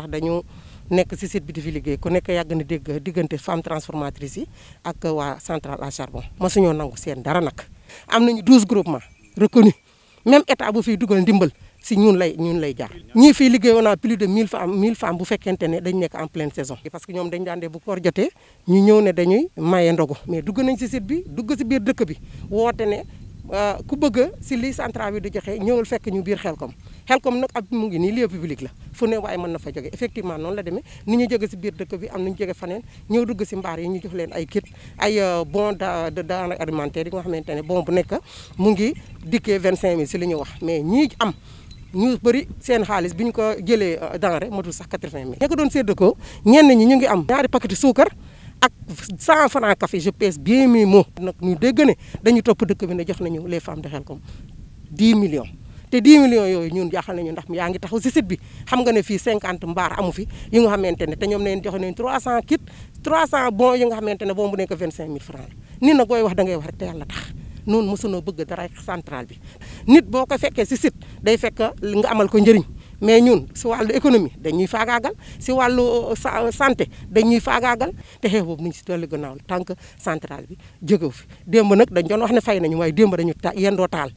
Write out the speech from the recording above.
ndax dañu nekk si site bi di fi liggéey ku nekk yàgg na dégg diggante femme transformatrice yi ak waa centrale à charbon masuñoo nangu seen dara nag am ñu douze groupements reconnus même état bu fiy dugal ndimbal si ñun lay ñun lay jaar ñii fii liggéey on a plus de mille femmes mille femmes bu fekkente ne dañ nekk en pleine saison parce que ñoom dañ daan dee bu koor ñu ñëw ne dañuy maye ndogu mais dugg nañ si site bi dugg si biir dëkk bi woote ne euh, ku bëgg si li centrale bi di joxe ñëwal fekk ñu biir Xelkom Xelkom nag ab mu ngi nii lieu public la fu ne waaye mën na fa jóge effectivement noonu la demee ni ñu jóge si biir dëkk bi am nañu jóge faneen ñëw dugg si mbaar yi ñu jox leen ay kit ay euh, bon de denrée alimentaire wax nga xamante ne bon bu nekk mu ngi dikkee 25000 si la ñu wax mais ñii am ñu bëri seen xaalis bi ñu ko jëlee euh, denrée matul sax 80000 ña ko doon ko ñenn ñi ñu ngi am ñaari paquet suukar ak 100 fana café je pèse bien mes mots nag ñu dégg ne dañu topp dëkk bi ne jox nañu les femmes de Xelkom 10 millions te 10 millions yooyu ñun jaaxal nañu ndax yaa ngi taxaw si site bi xam nga ne fii 50 mbaar amu fi yi nga xamante ne te ñoom neen joxe nañ 300 kit 300 bon yi nga xamante ne boobu nekk 25000 francs nit nag booy wax da ngay wax rek te yàlla tax noonu mosunoo bëgg dara centrale bi nit boo ko fekkee si site day fekk nga amal ko njëriñ mais ñun si wàllu économie dañuy faagaagal si wàllu euh, euh, santé dañuy faagaagal te xeex boobu ñu si dolli gannaaw tant que centrale bi jógewu fi démb nag dañ doon wax ne fay nañu waaye démb dañu yendoo taal